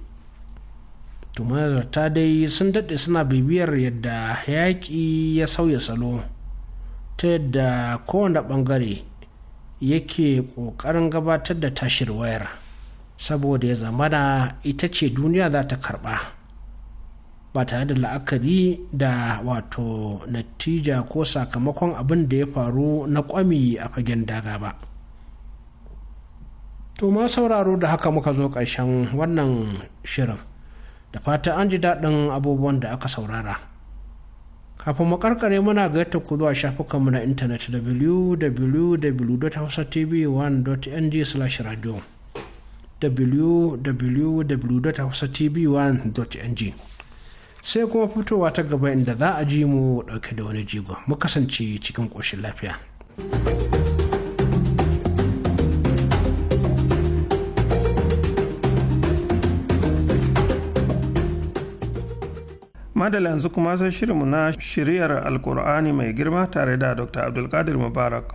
Speaker 13: ta dai sun daɗe suna bibiyar yadda yaƙi ya sauya salo ta yadda kowane ɓangare yake ƙoƙarin gabatar da tashir wayar saboda ya zamana ita ce duniya za ta karɓa ba tare da la'akari da wato natija ko sakamakon abin da ya faru na kwami a fagen daga ba. to ma sauraro da haka muka zo ƙarshen wannan shirin da fata an ji daɗin abubuwan da aka saurara kafin mu karkare muna yadda ku zuwa shafukanmu na intanet www.hausatv1.ng/radio www.hausatv1.ng sai kuma fitowa ta gaba inda za a ji mu dauke da wani jigo mu kasance cikin ƙoshin lafiya. thank you
Speaker 2: madala yanzu kuma sai shirinmu na shiriyar alkur'ani mai girma tare da dr abdulkadir mubarak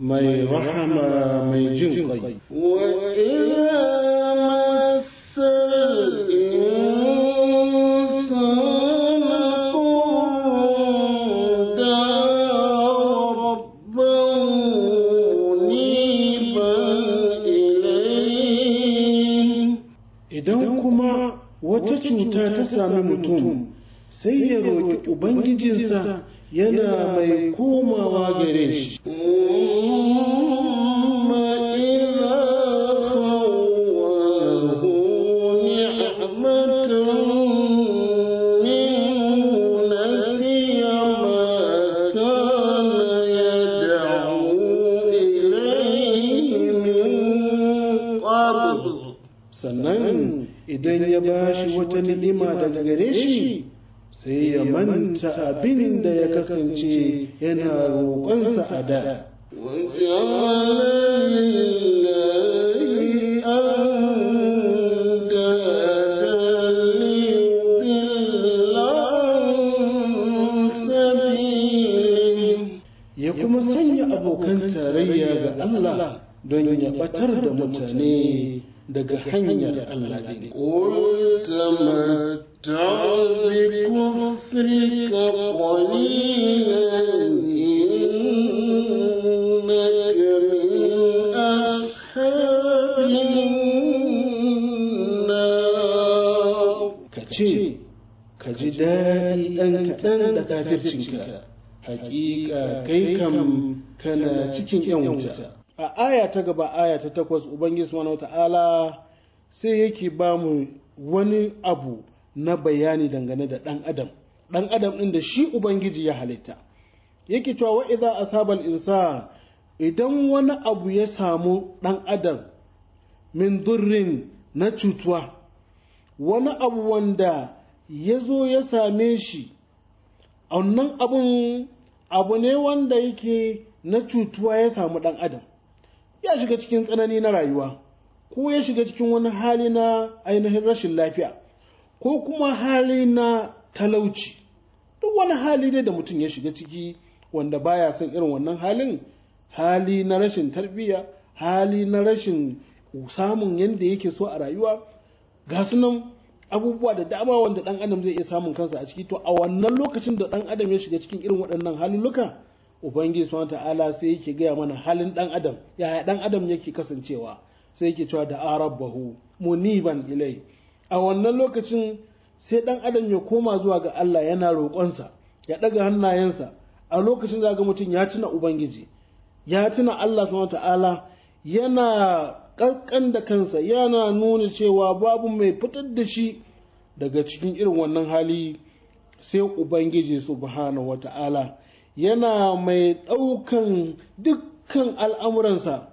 Speaker 14: مي رحم مي جنقي
Speaker 15: وإذا مس الإنسان قد ربه إليه
Speaker 16: إذا كما وتشوتا تسامي متوم sai ya roƙi yana mai komawa gare shi sannan idan ya bashi wata ni'ima daga gare shi sai ya manta abin da ya kasance yana roƙonsa a
Speaker 15: da. Ya kuma
Speaker 16: sanya abokan tarayya ga Allah don ya ɓatar da mutane daga hanyar Allah ne. ta gaba aya ta takwas ubangiji subhanahu ta'ala sai yake ba mu wani abu na bayani dangane da ɗan adam ɗan adam ɗin da shi ubangiji ya halitta yake cewa wa idza asabal insa idan wani abu ya samu ɗan adam min durrin na cutuwa wani abu wanda ya zo ya same shi wannan abun abu ne wanda yake na cutuwa ya samu ɗan adam ya shiga cikin tsanani na rayuwa ko ya shiga cikin wani hali na ainihin rashin lafiya ko kuma hali na talauci duk wani hali ne da mutum ya shiga ciki wanda baya son irin wannan halin hali na rashin tarbiyya hali na rashin samun yadda yake so a rayuwa ga sunan abubuwa da dama wanda dan adam zai iya samun kansa a ciki to a wannan lokacin da dan adam ya shiga cikin irin waɗannan halulluka ubangiji subhanahu ta'ala sai yake gaya mana halin dan adam yaya dan adam yake kasancewa sai yake cewa da arabbahu muniban ilai a wannan lokacin sai dan adam ya koma zuwa ga Allah yana roƙonsa ya daga hannayensa a lokacin zaga mutum ya tuna ubangiji ya tuna Allah subhanahu ta'ala yana kankan da kansa yana nuna cewa babu mai fitar da shi daga cikin irin wannan hali sai ubangiji subhanahu ta'ala. yana mai ɗaukan dukkan al'amuransa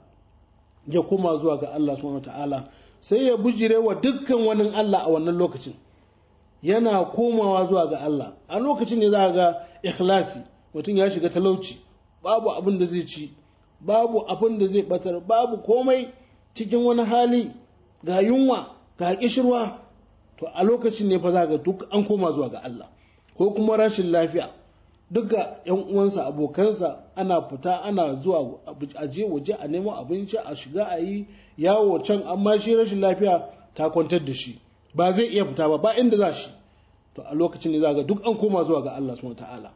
Speaker 16: ya kuma zuwa ga Allah subhanahu ta'ala sai ya bujire wa dukkan wani Allah a wannan lokacin yana komawa zuwa ga Allah a lokacin ne za a ga ikhlasi mutum ya shiga talauci babu abin da zai ci babu abin da zai batar babu komai cikin wani hali ga yunwa ga kishirwa to a lokacin ne fa za ga duk an koma zuwa ga Allah ko kuma rashin lafiya duk ga yan uwansa abokansa ana fita ana zuwa a je waje a nemo abinci a shiga a yi yawo can amma shi rashin lafiya ta kwantar da shi ba zai iya fita ba ba inda za shi to a lokacin ne za ga duk an koma zuwa ga Allah subhanahu ta'ala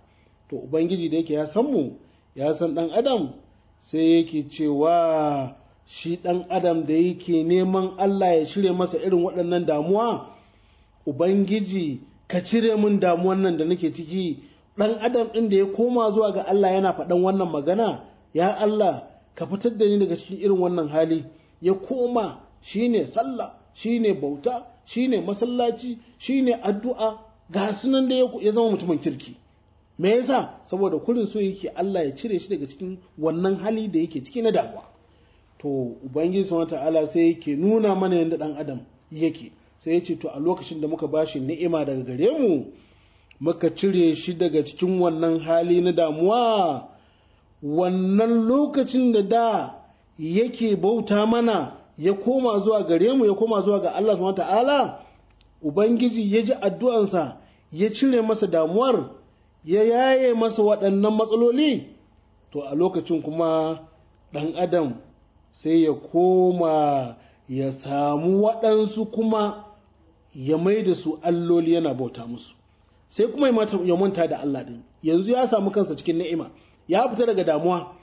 Speaker 16: to ubangiji da yake ya san mu ya san dan adam sai yake cewa shi dan adam da yake neman Allah ya shirye masa irin waɗannan damuwa ubangiji ka cire min damuwan nan da nake ciki ɗan adam ɗin da ya koma zuwa ga Allah yana faɗan wannan magana ya Allah ka fitar da ni daga cikin irin wannan hali ya koma shine sallah shine bauta shine masallaci shine addu'a ga sunan da ya zama mutumin kirki me yasa saboda kurin so yake Allah ya cire shi daga cikin wannan hali da yake ciki na damuwa to ubangiji subhanahu ta'ala sai yake nuna mana yadda dan adam yake sai ya ce to a lokacin da muka bashi ni'ima daga gare mu muka cire shi daga cikin wannan hali na damuwa wannan lokacin da da yake bauta mana ya koma zuwa gare mu ya koma zuwa ga Allah subhanahu ta'ala ubangiji ya ji addu'ansa ya cire masa damuwar ya yaye masa waɗannan matsaloli to a lokacin kuma ɗan adam sai ya koma ya samu waɗansu kuma ya mai da su alloli yana bauta musu sai kuma ya manta da Allah din yanzu ya samu kansa cikin ni'ima ya fita daga damuwa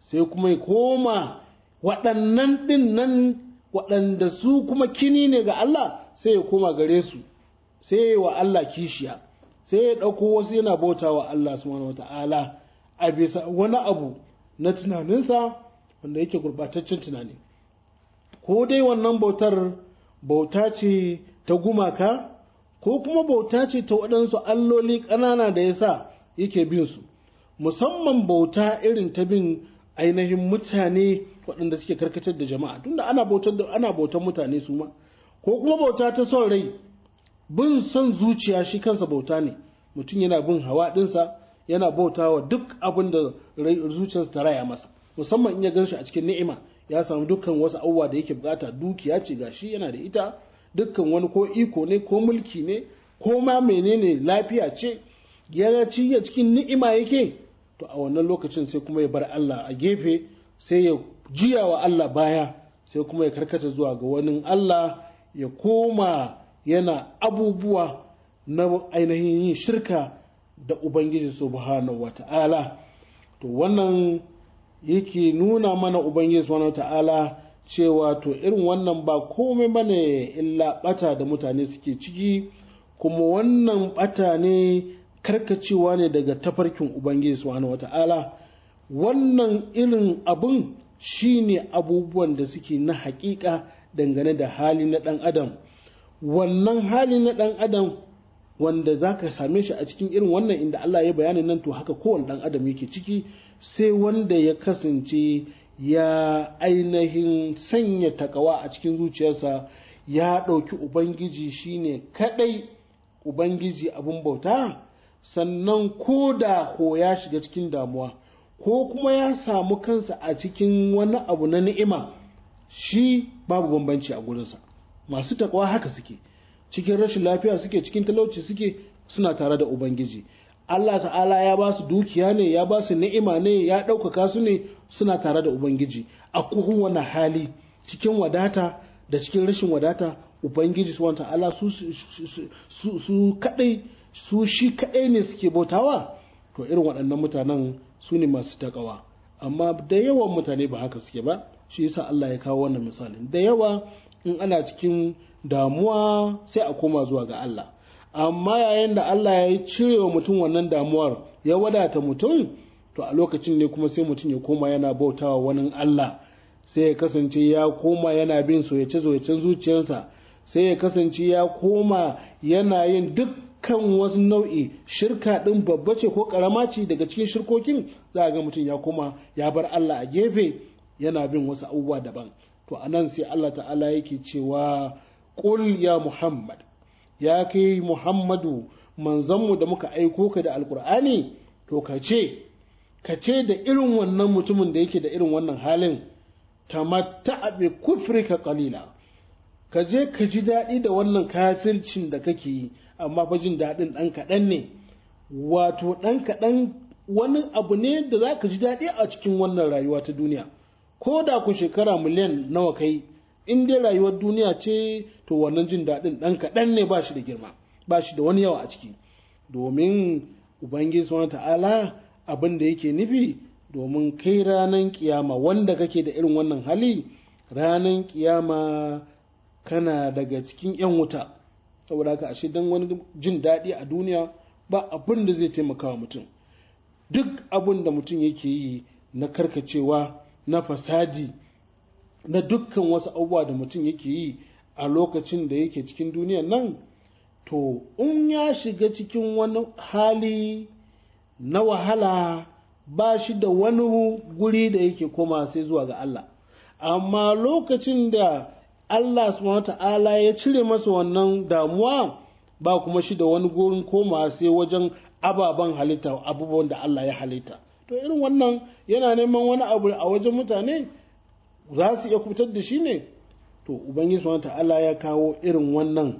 Speaker 16: sai kuma ya koma waɗannan ɗin nan waɗanda su kuma kini ne ga Allah sai ya koma gare su sai ya wa Allah kishiya sai ya ɗauko wasu yana bauta wa Allah subhanahu wata'ala a bisa wani abu na tunaninsa wanda yake gurɓataccen tunani ko dai wannan bautar bauta ce ta gumaka ko kuma bauta ce ta waɗansu alloli ƙanana da ya sa yake bin su musamman bauta irin ta bin ainihin mutane waɗanda suke karkatar da jama'a tunda ana bautar da ana bautar mutane su ma ko kuma bauta ta son rai bin son zuciya shi kansa bauta ne mutum yana bin hawa ɗinsa yana bauta wa duk abin da zuciyarsa ta raya masa musamman in ya gan shi a cikin ni'ima ya samu dukkan wasu abubuwa da yake bukata dukiya ce gashi yana da ita dukkan wani ko iko ne ko mulki ne ko ma menene lafiya ce ya ci ya cikin ni'ima yake to a wannan lokacin sai kuma ya bar Allah a gefe sai ya juya wa Allah baya sai kuma ya karkata zuwa ga wani Allah ya koma yana abubuwa na ainihin yin shirka da Ubangiji subhanahu wa ta'ala to wannan yake nuna mana Ubangiji subhanahu wa ta'ala cewa to irin wannan ba komai ne illa bata da mutane suke ciki kuma wannan bata ne karkacewa ne daga tafarkin ubangiji subhanahu wata'ala wannan irin abun shine abubuwan da suke na hakika dangane da hali na dan adam wannan hali na dan adam wanda za ka same shi a cikin irin wannan inda Allah ya bayanin nan to haka kowane dan adam yake ciki sai wanda ya kasance ya ainihin sanya takawa a cikin zuciyarsa ya ɗauki ubangiji shine kaɗai ubangiji abin bauta sannan ko da ko ya shiga cikin damuwa ko kuma ya samu kansa a cikin wani abu na ni'ima shi babu bambanci a gurinsa masu takawa haka suke cikin rashin lafiya suke cikin talauci suke suna tare da ubangiji Allah ta'ala ya ba su dukiya ne ya ba su ni'ima ne ya ɗaukaka su ne suna tare da ubangiji a kuhun wani hali cikin wadata da cikin rashin wadata ubangiji su wanta Allah su kaɗai su shi kadai ne suke bautawa to irin waɗannan mutanen su ne masu takawa amma da yawan mutane ba haka suke ba shi yasa Allah ya kawo wannan misalin da yawa in ana cikin damuwa sai a koma zuwa ga Allah amma yayin da Allah ya cire wa mutum wannan damuwar ya wadata mutum to a lokacin ne kuma sai mutum ya koma yana bautawa wani Allah sai ya kasance ya koma yana bin soyace soyacen zuciyarsa sai ya kasance ya koma yana yin dukkan wasu nau'i shirka din babba ce ko ƙarama ce daga cikin shirkokin za a ga mutum ya koma ya bar Allah a gefe yana bin wasu abubuwa daban to anan sai Allah ta'ala yake cewa qul ya Muhammad ya kai muhammadu manzanmu da muka aiko ka da alkur'ani to ka ce ka ce da irin wannan mutumin da yake da irin wannan halin tamatta'a bi kufrika kalila ka je ka ji daɗi da wannan kafircin da kake yi amma fa jin daɗin ɗan kaɗan ne wato ɗan kaɗan wani abu ne da za ka ji daɗi a cikin wannan rayuwa ta duniya ko da ku shekara miliyan nawa kai in dai rayuwar duniya ce to wannan jin daɗin ɗan kaɗan ne ba shi da girma ba shi da wani yawa a ciki domin ubangiji subhanahu ta'ala abin da yake nufi domin kai ranar kiyama wanda kake da irin wannan hali ranan kiyama kana daga cikin 'yan wuta saboda haka ashe don wani jin daɗi a duniya ba abin da zai taimaka wa mutum duk abin da mutum yake yi na karkacewa na fasadi na dukkan wasu abubuwa da mutum yake yi a lokacin da yake cikin duniyan nan to in ya shiga cikin wani hali na wahala ba shi da wani guri da yake koma sai zuwa ga Allah amma lokacin da Allah subhanahu ta'ala ya cire masa wannan damuwa ba kuma shi da wani gurin koma sai wajen ababen halitta abubuwan da Allah ya halitta to irin wannan yana neman wani abu a wajen mutane za su iya kubutar da shi ne to ubangiji subhanahu ta'ala ya kawo irin wannan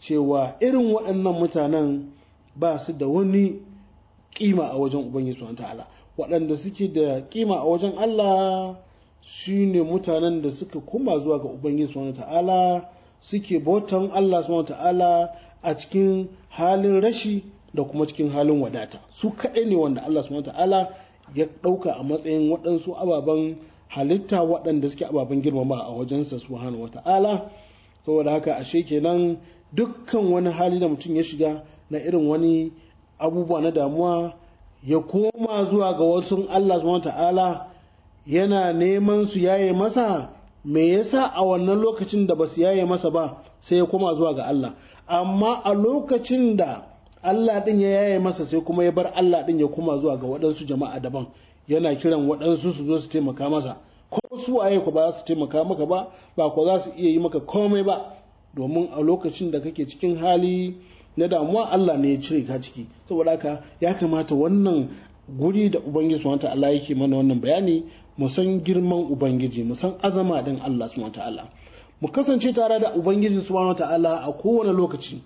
Speaker 16: cewa irin waɗannan mutanen ba su da wani kima a wajen ubangiji subhanahu ta'ala waɗanda suke da kima a wajen Allah shine mutanen da suka koma zuwa ga ubangiji subhanahu ta'ala suke bautan Allah subhanahu ta'ala a cikin halin rashi da kuma cikin halin wadata su kaɗai ne wanda Allah subhanahu ta'ala ya ɗauka a matsayin waɗansu ababen halitta waɗanda suke ababen girmama a wajensa subhanahu ta'ala saboda haka ashe kenan dukkan wani hali da mutum ya shiga na irin wani abubuwa na damuwa ya koma zuwa ga wasu Allah subhanahu ta'ala yana neman su yaye masa me yasa a wannan lokacin da ba su yaye masa ba sai ya koma zuwa ga Allah amma a lokacin da Allah din ya yaye masa sai kuma ya bar Allah din ya koma zuwa ga waɗansu jama'a daban yana kiran waɗansu su zo su taimaka masa ko su waye ku ba su taimaka maka ba ba ku za su iya yi maka komai ba domin a lokacin da kake cikin hali na damuwa Allah ne ya cire ka ciki saboda haka ya kamata wannan guri da ubangiji subhanahu ta'ala yake mana wannan bayani mu san girman ubangiji mu san azama din Allah subhanahu ta'ala mu kasance tare da ubangiji subhanahu ta'ala a kowane lokaci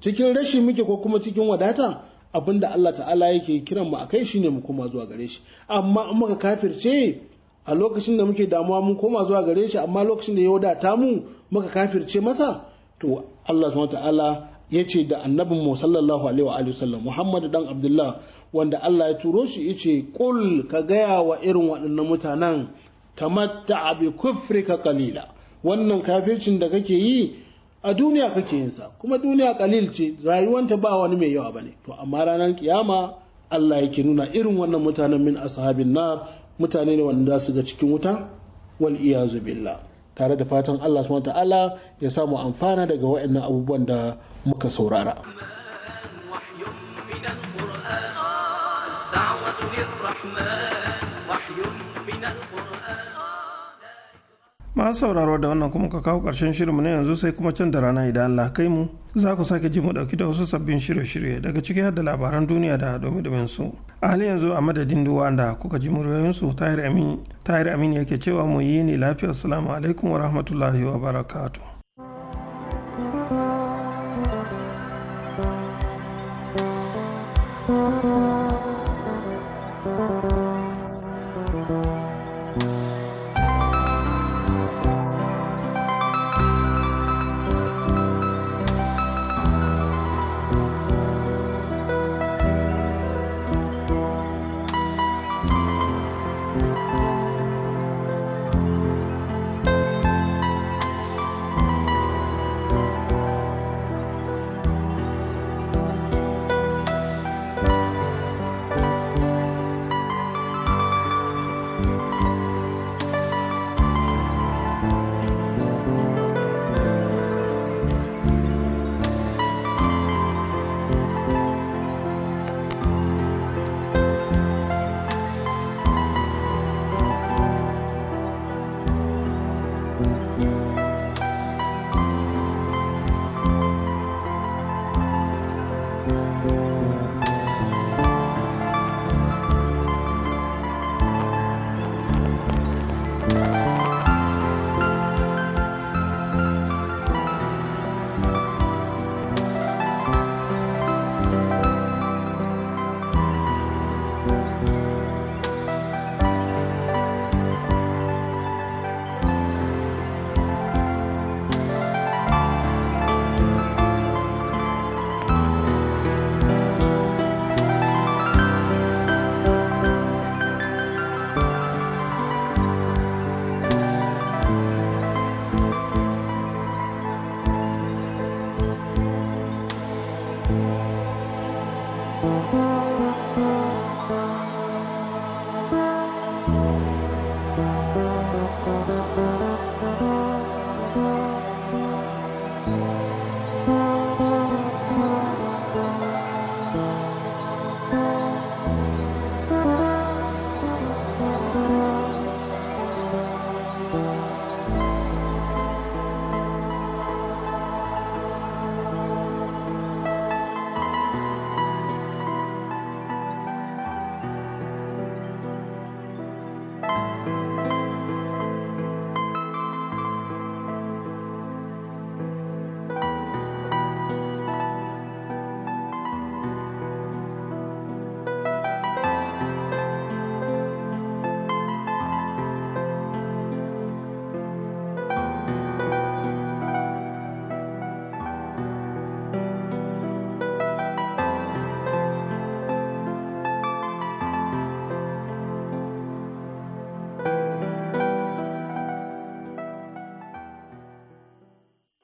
Speaker 16: cikin rashin muke ko kuma cikin wadata abin da Allah ta'ala yake kiran mu a akai shine mu koma zuwa gare shi amma in muka kafirce a lokacin da muke damuwa mun koma zuwa gare shi amma lokacin da ya wadata mu muka kafirce masa to Allah subhanahu ta'ala ya ce da annabin mu sallallahu alaihi wa alihi wasallam Muhammad dan Abdullah wanda Allah ya turo shi yace qul ka gaya wa irin waɗannan mutanen tamatta bi kufrika qalila wannan kafircin da kake yi a duniya kake yin sa kuma duniya kalil ce rayuwanta ba wani mai yawa bane to amma ranar kiyama Allah yake nuna irin wannan mutanen min ashabin nar mutane ne wanda su ga cikin wuta wal iyazu billah tare da fatan Allah subhanahu ta'ala ya samu amfana daga waɗannan abubuwan da muka saurara
Speaker 2: masu sauraro da wannan kuma ka kawo ƙarshen shirinmu na yanzu sai kuma can da rana idan Allah kai mu za ku sake ji mu ɗauki da wasu sabbin shirye-shirye daga ciki har da labaran duniya da domin su a halin yanzu a madadin duwa da kuka ji muryoyinsu tahir amin tahir amin yake cewa mu yi ne lafiyar salamu alaikum wa rahmatullahi wa barakatu.